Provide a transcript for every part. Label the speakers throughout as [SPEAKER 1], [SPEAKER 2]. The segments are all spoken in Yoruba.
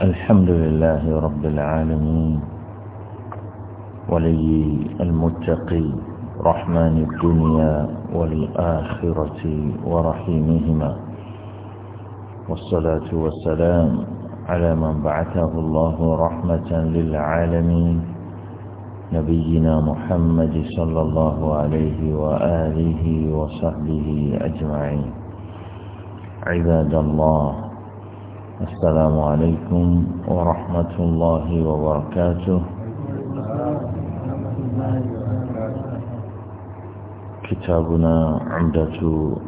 [SPEAKER 1] الحمد لله رب العالمين ولي المتقي رحمن الدنيا والآخرة ورحيمهما والصلاة والسلام على من بعثه الله رحمة للعالمين نبينا محمد صلى الله عليه وآله وصحبه أجمعين عباد الله السلام عليكم ورحمة الله وبركاته كتابنا عمدة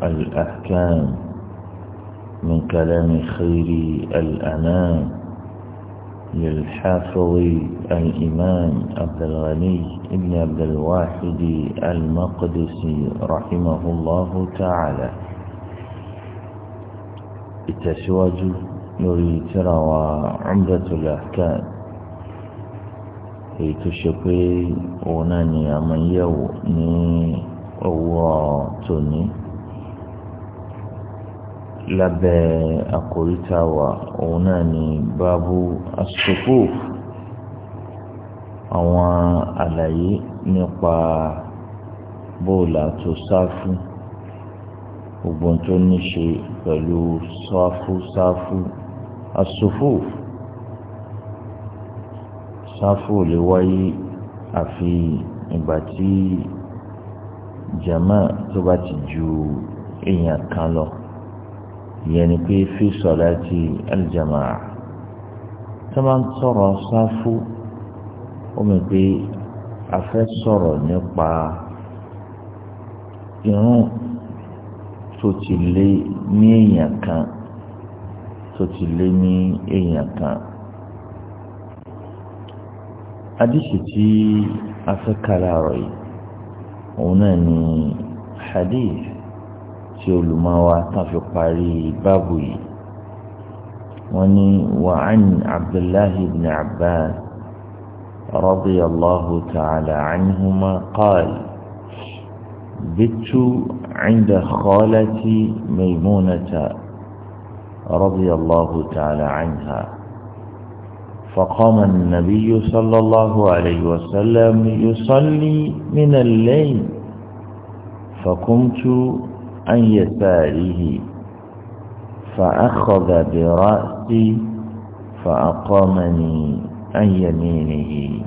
[SPEAKER 1] الأحكام من كلام خير الأنام للحافظ الإمام عبد الغني ابن عبد الواحد المقدسي رحمه الله تعالى التسواجه lórí tírà wa Umdatul Ahkam èyí tó ṣe pé òun náà ni a máa ń yẹ̀wò ní òwúrọ̀ tòní lábẹ́ àkòríta wa òun náà ni báàbù as àwọn àlàyé nípa bóòlù àti sáfù gbogbo tó ní ṣe pẹ̀lú sáfù sáfù àsòfò sáfò lè wáyé àfi ìgbà tí jama tó bá ti ju èèyàn kan lọ ìyẹn ni pé fi sọ̀láti aljamaa tó máa ń sọ̀rọ̀ sáfù ó mọ̀ pé a fẹ́ sọ̀rọ̀ nípa irun tó ti lé ní èèyàn kan tó ti lé ní èèyàn kan. Adíṣì tí a fẹ́ kára ọ̀rọ̀ yìí, òun náà ni hadith tí olùmọ̀wá tán fi parí báàbù yìí. Wọ́n ní wàhán Abdullahi ibn Abbas رضي الله تعالى عنهما قال بت عند خالتي ميمونة رضي الله تعالى عنها فقام النبي صلى الله عليه وسلم يصلي من الليل فقمت عن يساره فأخذ برأسي فأقامني عن يمينه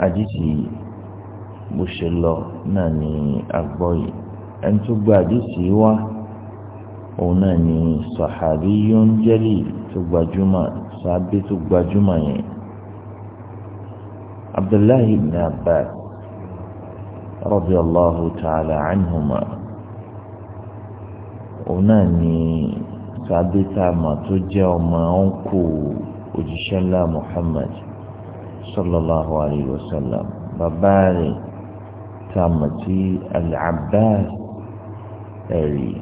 [SPEAKER 1] حديثي بشلو ناني أبوي أنتو بعديسي واحد òun náà ni sahabiyun jali tó gbajúmọ̀ sábẹ́ tó gbajúmọ̀ yẹn abdullahi ibn abbas radiyallahu ta'ala anhuma òun náà ni sábẹ́ tá a mọ̀ tó jẹ́ ọmọ ọ̀nkù òjíṣẹ́ ńlá muhammad sallallahu alayhi wa sallam bàbá rẹ̀ tá a mọ̀ sí al-abbas ẹ̀rí.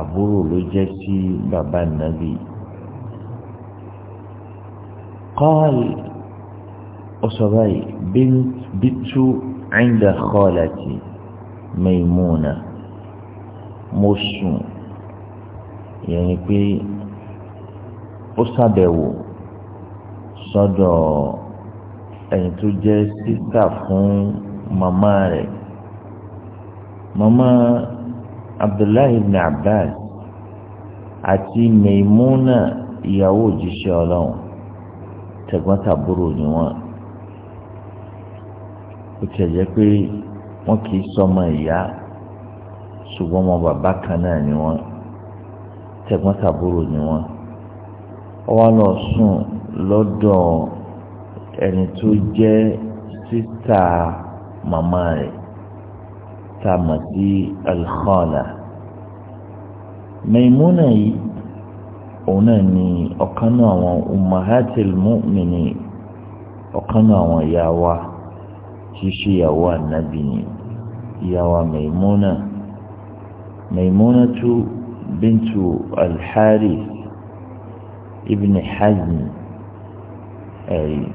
[SPEAKER 1] àbúrò ló jẹ́ sí bàbá nàbì. kọ́ọ̀lì ó sọ báyìí bíntu ẹ̀ńdà kọ́ọ̀làtì Maimuna mo sùn ìyẹn ni pé ó ṣàbẹ̀wò sọ́dọ̀ ẹni tó jẹ́ sísà fún màmá rẹ̀ màmá abdullahi ibn abbas àti maimuna ìyàwó òjíṣẹ́ ọlọ́run tẹ̀gbọ́ntàbúrò ni wọ́n ó tiẹ̀ jẹ́ pé wọ́n kì í sọmọ ìyá ṣùgbọ́n ọmọ bàbá kan náà ni wọ́n tẹ̀gbọ́ntàbúrò ni wọ́n wọ́n lọ sùn lọ́dọ̀ ẹni tó jẹ́ sísá màmá rẹ̀ tá a mọ̀ sí alkhala Maimuna yìí òun náà ni ọ̀kan náà àwọn ummahatil mu'minin ọ̀kan náà àwọn ìyá wa tí í ṣe ìyàwó ànábì ni ìyá wa Maimuna Maimunatu bintu al-Harith ibn Hazm ẹ̀rí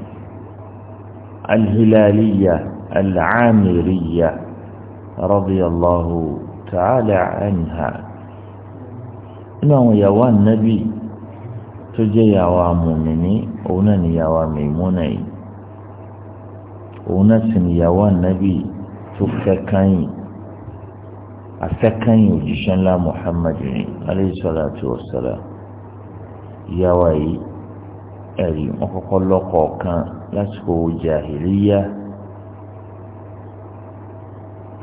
[SPEAKER 1] al-Hilaliyya al-Amiriyya. Al radiyallahu ta'ala anha nínú àwọn ìyàwó ànábì tó jẹ́ ìyàwó amòmìnì òun náà ni ìyàwó Maimuna yìí òun náà sì ni ìyàwó ànábì tó fẹ́ kányìn afẹ́kányìn òjíṣẹ́ ńlá Muhammad ní alayhi salatu wa salam ìyàwó yìí ẹ̀rí wọn kọ́kọ́ lọ́kọ̀ọ̀kan lásìkò jahiliya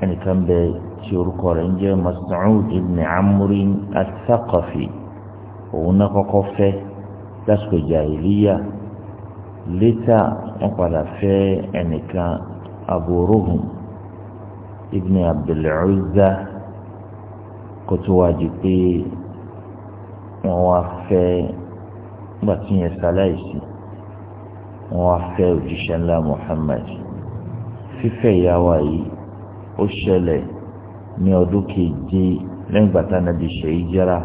[SPEAKER 1] ẹnìkan bẹ tí orúkọ rẹ̀ ń jẹ́ Mas'ud ibn Amri al-Thaqafi òun náà kọ́kọ́ fẹ́ lásìkò jàìlíyà létà wọ́n padà fẹ́ ẹnìkan Abu Ruhm ibn Abdul Uzza kó tó wá di pé wọ́n wá fẹ́ gbàtí yẹn sáláìsì wọ́n wá fẹ́ òjíṣẹ́ ńlá Muhammad fífẹ́ ìyá wa yìí. ó ṣẹlẹ̀ ní ọdún keje lẹ́yìn gbàtà nàbì ṣe ìjẹ́ra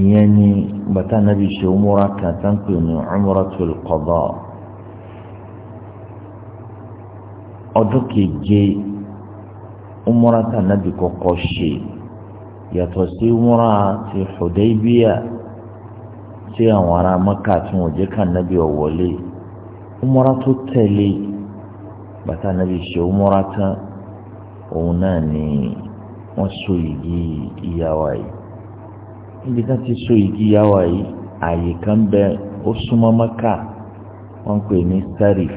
[SPEAKER 1] ìyẹn ní gbàtà ṣe umura kan tá ń pè ní umratul qada ọdún umura tá kọ́kọ́ ṣe yàtọ̀ sí ti Hudaybiya tí àwọn ará Mẹ́kà tí wọ́n jẹ́ umura tó tẹ̀lé. bàtà nàbì ṣe umura tán òun náà ni wọ́n so igi ìyàwó yìí níbi tí wọ́n ti so igi ìyàwó yìí ààyè kan bẹ ó súnmọ́ mẹ́kà wọ́n pè ní Sarif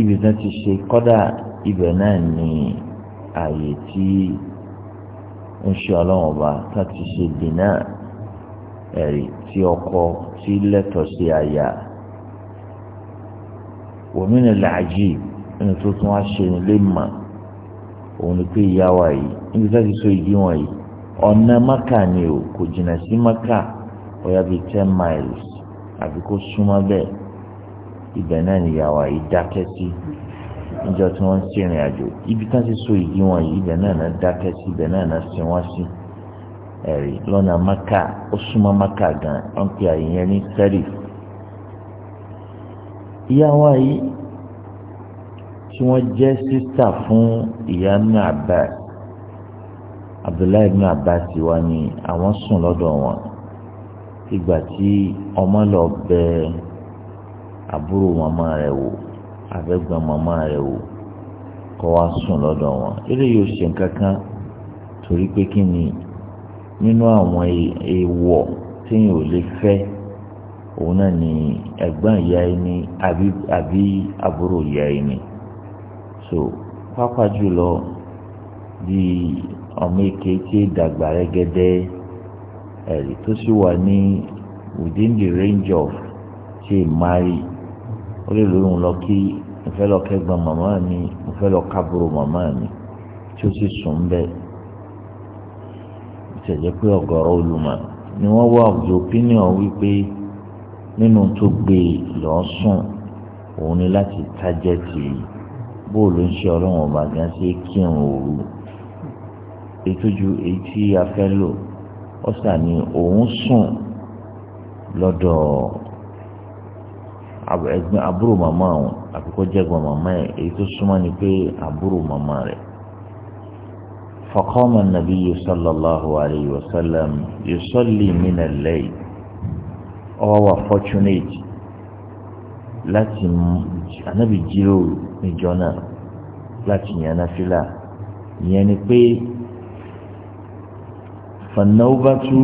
[SPEAKER 1] ibi tí ti ṣe kọ́dà ibẹ̀ náà ni ààyè tí ń ṣe ọlọ́run ọba tá ti ṣe dènà ẹ̀rí tí ọkọ tí lẹ́tọ̀ọ́ sí àyà. wòmínà làájì ẹni tó tún wá ṣe ní lè mà òun ni pé ìyá wa yìí níbi so ìdí wọn maka ni o kò jìnnà sí maka ọ̀yà bíi ten miles àbí kó súnmọ́ bẹ́ẹ̀ ibẹ̀ náà ni ìyá wa yìí dákẹ́ sí níjọ́ ibi tá a ti so ìdí wọn yìí ibẹ̀ náà náà dákẹ́ sí ibẹ̀ náà náà sin wọ́n maka ó maka gan-an wọ́n pe àyè ìyá wa yìí tí wọ́n jẹ́ sísà fún ìyá ibn Abbas Abdullahi ibn Abbas wa ni àwọn sùn lọ́dọ̀ wọn ìgbà tí ọmọ lọ bẹ àbúrò màmá rẹ̀ wò abẹ́gbọ́n màmá rẹ̀ wò kọ́ wa sùn lọ́dọ̀ wọn eré yóò ṣe nǹkan torí pé kí ni nínú àwọn èèwọ̀ e-, téèyàn ò lè fẹ́ òun náà ni ẹ̀gbọ́n ìyá ẹni àbí àbí àbúrò ìyá ẹni so pápá jùlọ bí ọmọ èké tí dàgbà rẹ́gẹ́dẹ́ ẹ̀rí tó sì wà ní within the range of ṣe mari ó lè lóyún lọ kí mo fẹ́ lọ kẹ́gbọ́n màmá mi mo fẹ́ lọ kábúrò màmá mi tí ó sì sùn bẹ́ẹ̀ ìṣẹ̀jẹ̀ pé ọ̀gọ̀rọ̀ olùmọ̀ ni wọ́n wá opinion wípé. nínú tó gbé e lọ́sùn òun ni láti tájẹ́tì bóòlù ń ṣe ọlọ́run ọba gan ṣe kírun òru ètòjú èyí tí a fẹ́ lò ọ̀sà ni òun sùn lọ́dọ̀ ẹ̀gbọ́n àbúrò màmá òun àkókò jẹ́gbọ́n màmá ẹ̀ èyí tó súnmọ́ ni pé àbúrò màmá rẹ̀ faqama an-nabiyyu sallallahu alayhi wa sallam yusalli min al-layl ọwọ́ wà fortunate láti anábì jíròrò níjọ náà láti yànnà fílà ìyẹn ni pé fanaubatu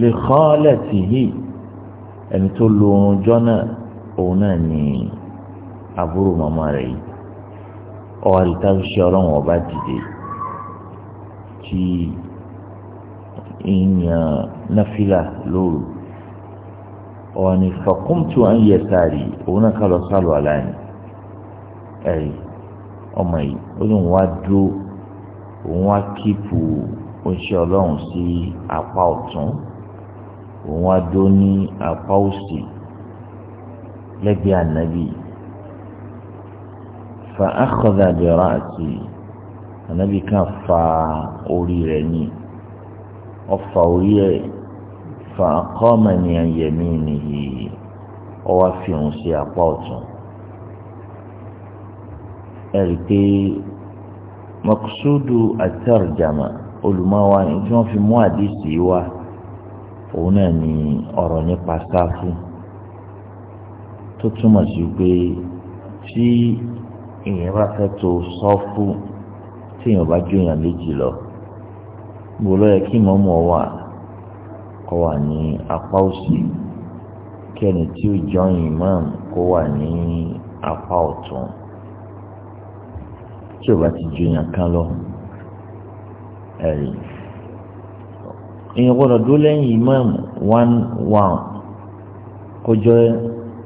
[SPEAKER 1] lè kọ́ lẹ́tì yìí ẹni tó lo oorun jọ náà òun náà ni àbúrò màmá rẹ̀ yìí ọwọ́ àlùtàbí ṣe ọlọ́run ọba dìde tí ìyàn náfìlà lóru ọ̀wà ní fàkúntù à ń yẹ sáàrì òun náà ká lọ sálọ aláìní ẹ̀rí ọmọ yìí ó ní òun wá dúró òun wá kíìpù oṣù ọlọ́run sí apá ọ̀tún òun wá dúró ní apá òsì lẹ́gbẹ̀ẹ́ ànábì fa akhadha bi ra'si ànábì kan fa orí rẹ̀ ní ọfà orí rẹ̀. فأقامني عن يمينه ووفي sí apá ọ̀tún ẹ̀rí pé mọ̀kúsúdù àtẹ̀rẹ̀jàmà olùmọ̀wá ni tí wọ́n fi mú àdìsí wá òun náà ni ọ̀rọ̀ nípa sáfù tó túmọ̀ sí pé tí èèyàn bá fẹ́ to sọ́fù tí èèyàn bá jóyàn méjì lọ gbọ́dọ̀ yẹ kí mọ́mọ́ wà kó wà ní apá òsì kí ẹni tí ó jọyìn imam kó wà ní apá ọ̀tún tí o bá ti ju yàn kan lọ ẹ̀rí èèyàn gbọ́dọ̀ dúró lẹ́yìn imam one one kó jọ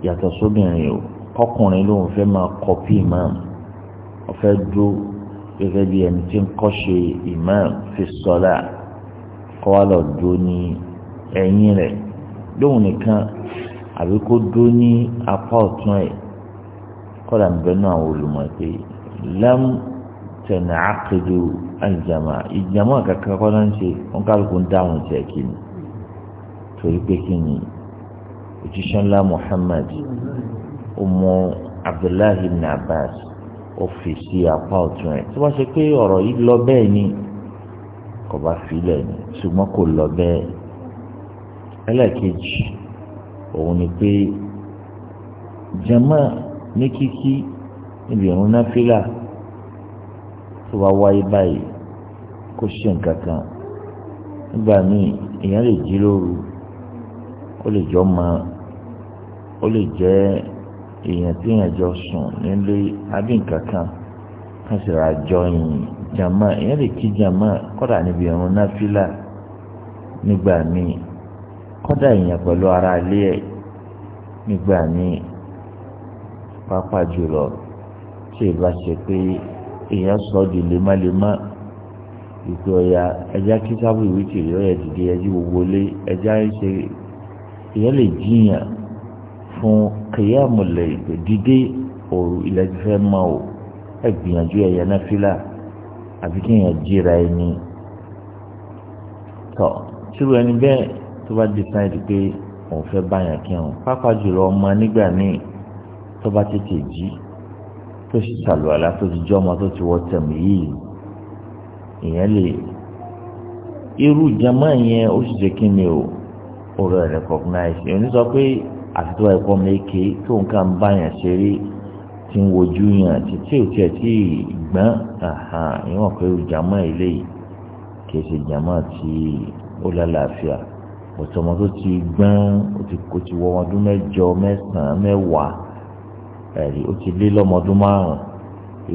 [SPEAKER 1] yàtọ̀ sóbìnrin o kọkùnrin ló ń fẹ́ máa kọ́pì imam ọ̀fẹ́ dúró gẹ́gẹ́ bí ẹni tí ń kọ́ ṣe imam fi sọ́lá kọ́ wá lọ dúró ní ẹ̀yìn rẹ̀ lóhùn nìkan àbí kó dó ní apá ọ̀tún ẹ̀ kọ́dà ń bẹnu àwọn olùmọ̀ pé lẹ́m tẹ̀nà àkejò àìjàmà ìjàmà kankan kọ́dà ń ṣe wọn kálukú ń dáhùn sí ẹ̀kí ni torí pé kí ni òjíṣẹ́ Muhammad ọmọ Abdullahi ibn Abbas ó fi sí apá ọ̀tún ẹ̀ tí wọ́n ṣe pé ọ̀rọ̀ yìí lọ bẹ́ẹ̀ ni kò fi lẹ̀ ṣùgbọ́n kò lọ bẹ́ẹ̀ ẹlẹ́ẹ̀kejì òun ni pé jama ní kíkí níbi ìrún náfìlà tó bá wáyé báyìí kó ṣe nǹkan kan nígbà míì èèyàn lè jí lóru ó lè jọ ma ó lè jẹ́ èèyàn tí èèyàn jọ sùn nílé àbí nǹkan kan kan sì ra jọ yìn jama èèyàn lè kí jama kọ́dà èèyàn pẹ̀lú ara ilé ẹ̀ nígbà míì pápá jùlọ tí ìbá ṣe pé èèyàn sọ ọ́ di lemálema ìpè ọ̀yà ẹja kí sábà ìwé tì yọ ẹ̀ dìde ẹjí gbogbo lé ẹja ṣe èèyàn lè jiyàn fún kìyàmùlẹ̀ ìpè dídé òru ilẹ̀ ti fẹ́ mọ́ o ẹ gbìyànjú ẹ̀yà náà fílà àbí kéèyàn jíra ẹni tọ̀ síru ẹni bẹ́ẹ̀ tó bá decide pé òun fẹ́ báyàn kírun pàápàá jùlọ ọmọ nígbà míì tó bá tètè jí tó sì ṣàlùwàlá tó ti jọ́ ọmọ tó ti wọ́ tẹ̀mù yìí ìyẹn lè irú jama yẹn ó sì jẹ́ kí ni o ó rẹ̀ recognize èyí sọ pé àtúntò ẹ̀kọ́ méke tó nǹkan bá yàn ṣeré tí ń wojú yàn títí ò tiẹ̀ tí gbọ́n ìwọ̀n pé irú jama eléyìí kì í ṣe jama tí ó lálàáfíà ọ̀tọ̀mọ tó ti gbọ́n ó ti wọ ọdún mẹ́jọ mẹ́sàn-án mẹ́wàá ẹ̀rí ó ti lé lọ́mọdún márùn-ún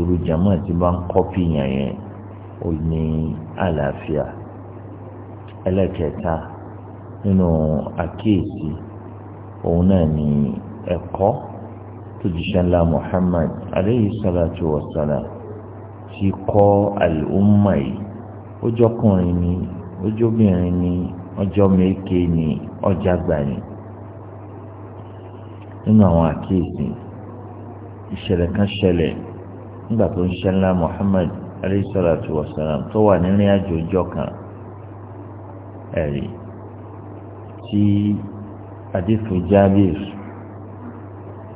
[SPEAKER 1] irú jàmọ́ ti bá ń kọ́pì yàn yẹn ó ní àlàáfíà ẹlẹ́kẹta nínú àkíyèsí òun náà ní ẹ̀kọ́ tó jíṣẹ́ ńlá Muhammad aleyhi salatu wa salam ti kọ́ àlùmọ̀ yìí ó jọkùnrin ni ó jọbìnrin ni ọjọ́ mẹ́kẹ́ ni ọjà gbà ni nínú àwọn àkíyèsí ìṣẹ̀lẹ̀ kan ṣẹlẹ̀ nígbà tó ń ṣẹlá Muhammad alayhi salatu wa salam tó wà nínú àjò ọjọ́ kan ẹ̀rí tí adéfò Jabir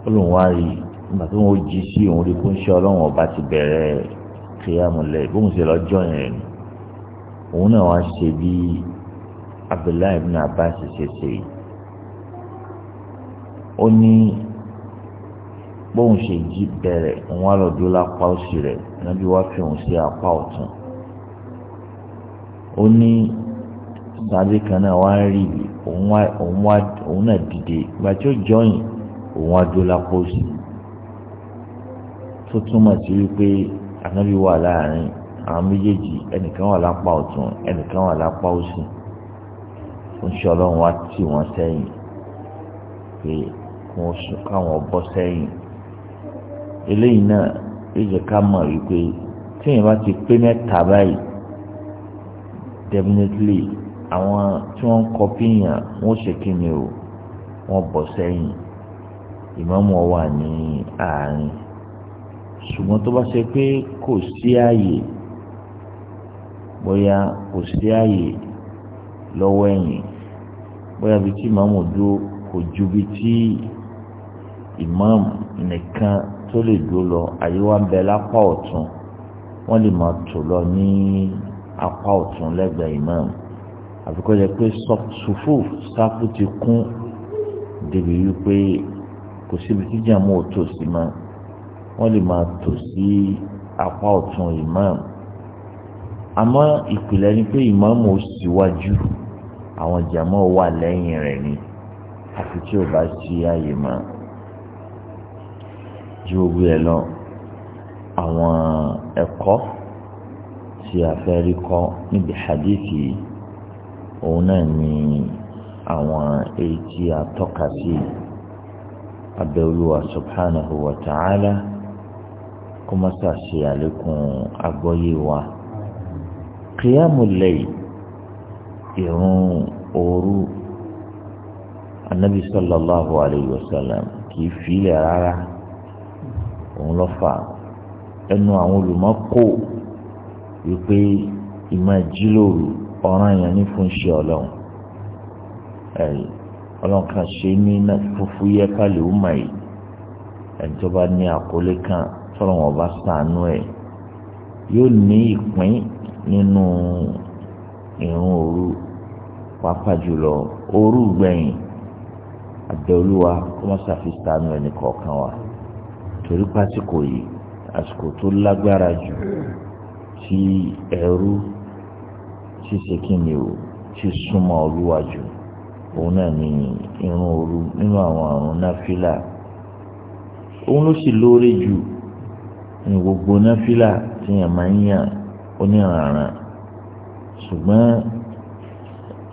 [SPEAKER 1] olùwárí nígbà tó ń wo sí òun rí kó ọlọ́run ọba ti bẹ̀rẹ̀ kéyàmù bóun ṣe lọ́jọ́ yẹn òun náà wá ṣe bíi abdullahi ibn abbas ṣe ṣe yìí ó ní bóun ṣe jí bẹ̀rẹ̀ wọn lọ dúró lápá òsì rẹ̀ níbi wá fi òun sí apá ọ̀tún ó ní sáré kan náà wá ń rí òun náà dìde ìgbà tí ó jọyìn òun wá dúró lápá òsì tó túmọ̀ sí wípé anábì wà láàrin àwọn méjèèjì ẹnìkan wà lápá ọ̀tún ẹnìkan wà lápá òsì oṣù ọlọ́run wá tì wọ́n sẹ́yìn pé kò sùn káwọn bọ́ sẹ́yìn eléyìí náà yóò jẹ́ ká mọ̀ wípé tíyẹn bá ti pé mẹ́ta báyìí definitely àwọn tí wọ́n ń kọpí yàn wọ́n ṣe kí o wọ́n bọ́ sẹ́yìn ìmáàmù wà ní àárín ṣùgbọ́n tó bá ṣe pé kò sí ààyè bóyá kò sí ààyè lọ́wọ́ ẹ̀yìn bóyá bíi tí ìmáàmù dúró kò ju bíi tí ìmáàmù nìkan tó lè dúró lọ àyè wa ń bẹ lápá ọ̀tún wọ́n lè máa tò lọ ní apá ọ̀tún lẹ́gbẹ̀ẹ́ ìmáàmù àfikún jẹ pé sùfù sáfù ti kún débi wípé kò síbi tí jàmú ò tò sí máa wọ́n lè máa tò sí apá ọ̀tún ìmáàmù àmọ́ ìpìlẹ̀ ni pé ìmáàmù ò síwájú. Si àwọn jàmọ́ wà lẹ́yìn rẹ̀ ni àfi tí ò bá sí ààyè mọ́ ju gbogbo ẹ̀ lọ àwọn ẹ̀kọ́ tí a fẹ́ rí kọ́ níbi hadithi òun náà ni àwọn èyí tí a tọ́ka sí abẹ́olúwa subhanahu wa ta'ala kó má àlékún agbọ́yé wa qiyamul layl ìrun òru anabi sallallahu alayhi wa sallam kì í filẹ̀ rárá òun lọ fà ẹnu àwọn olùmọ́kò wípé ìmọ̀ ìjìlóru ọ̀ràn yẹn ní fún ṣe ọlọ́run ẹ̀rí ọlọ́run kan ṣe ní fúfú yẹ kálí ó mà yìí ẹni tó bá ní àkọlé kan tọ́lọ́wọ́n bá sànú ẹ̀ yóò ní ìpín nínú. ìrun òru pàápàá jùlọ òru gbẹ̀yìn àbẹ̀olúwa kó fi ṣàfihàn ẹnì kọ̀ọ̀kan wa torí pásíkò yìí àsìkò tó lágbára jù tí ẹrú ṣíṣe kí ni o ti súnmọ́ olúwa jù òun náà ní irun òru nínú àwọn àrùn náfìlà òun ló sì lóore jù ní gbogbo náfìlà tí yàn máa ń yàn onírànràn ṣùgbọ́n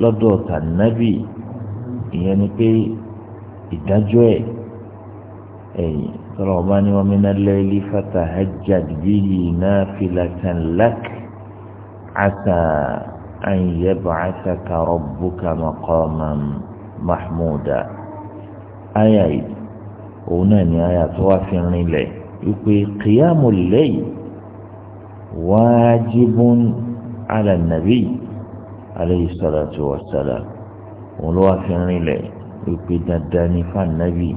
[SPEAKER 1] lọ́dọ̀ tànàbì ìyẹn ni pé ìdájọ́ ẹ̀ ẹ̀yìn tọ́lọ̀ ọba ni wọ́n mìíràn lẹ́ẹ̀lì fatahajjad bihi nafilatan lak asa an yab'athaka rabbuka maqaman mahmuda aya yìí òun náà ni aya tó wá fi rinlẹ̀ wípé qiyamul layl wájibun. على النبي عليه الصلاة والسلام والوافر إليه يبدأ الداني فالنبي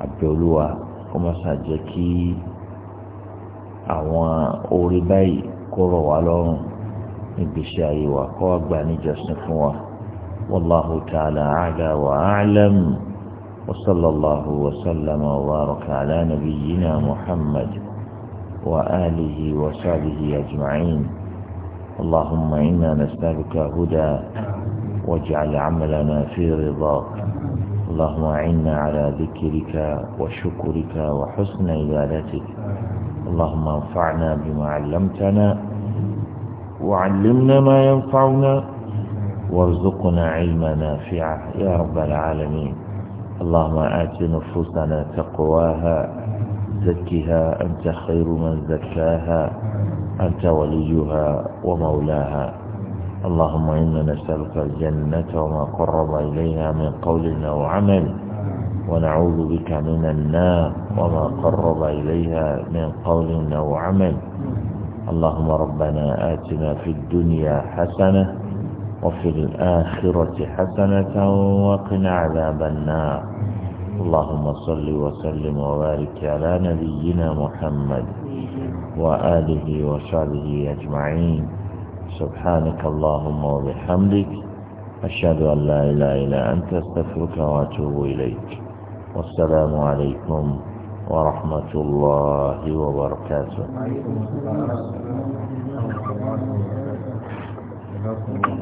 [SPEAKER 1] عبد الله وما سجكي àwọn orí báyìí kó rọ̀ wá lọ́rùn ìgbésí ayé wa kó wá gbà níjọsìn fún wa wàláhu ta'ala àgà wa a'lam wa sallallahu wa sallama wa baraka ala nabiyyina muhammad wa alihi wa sahbihi ajma'in. اللهم إنا نسألك هدى واجعل عملنا في رضاك اللهم أعنا على ذكرك وشكرك وحسن عبادتك اللهم انفعنا بما علمتنا وعلمنا ما ينفعنا وارزقنا علما نافعا يا رب العالمين اللهم آت نفوسنا تقواها زكها أنت خير من زكاها أنت وليها ومولاها اللهم إنا نسألك الجنة وما قرب إليها من قول أو عمل ونعوذ بك من النار وما قرب إليها من قول أو عمل اللهم ربنا آتنا في الدنيا حسنة وفي الآخرة حسنة وقنا عذاب النار اللهم صل وسلم وبارك على نبينا محمد وآله وصحبه أجمعين سبحانك اللهم وبحمدك أشهد أن لا إله إلا أنت استغفرك وأتوب إليك والسلام عليكم ورحمة الله وبركاته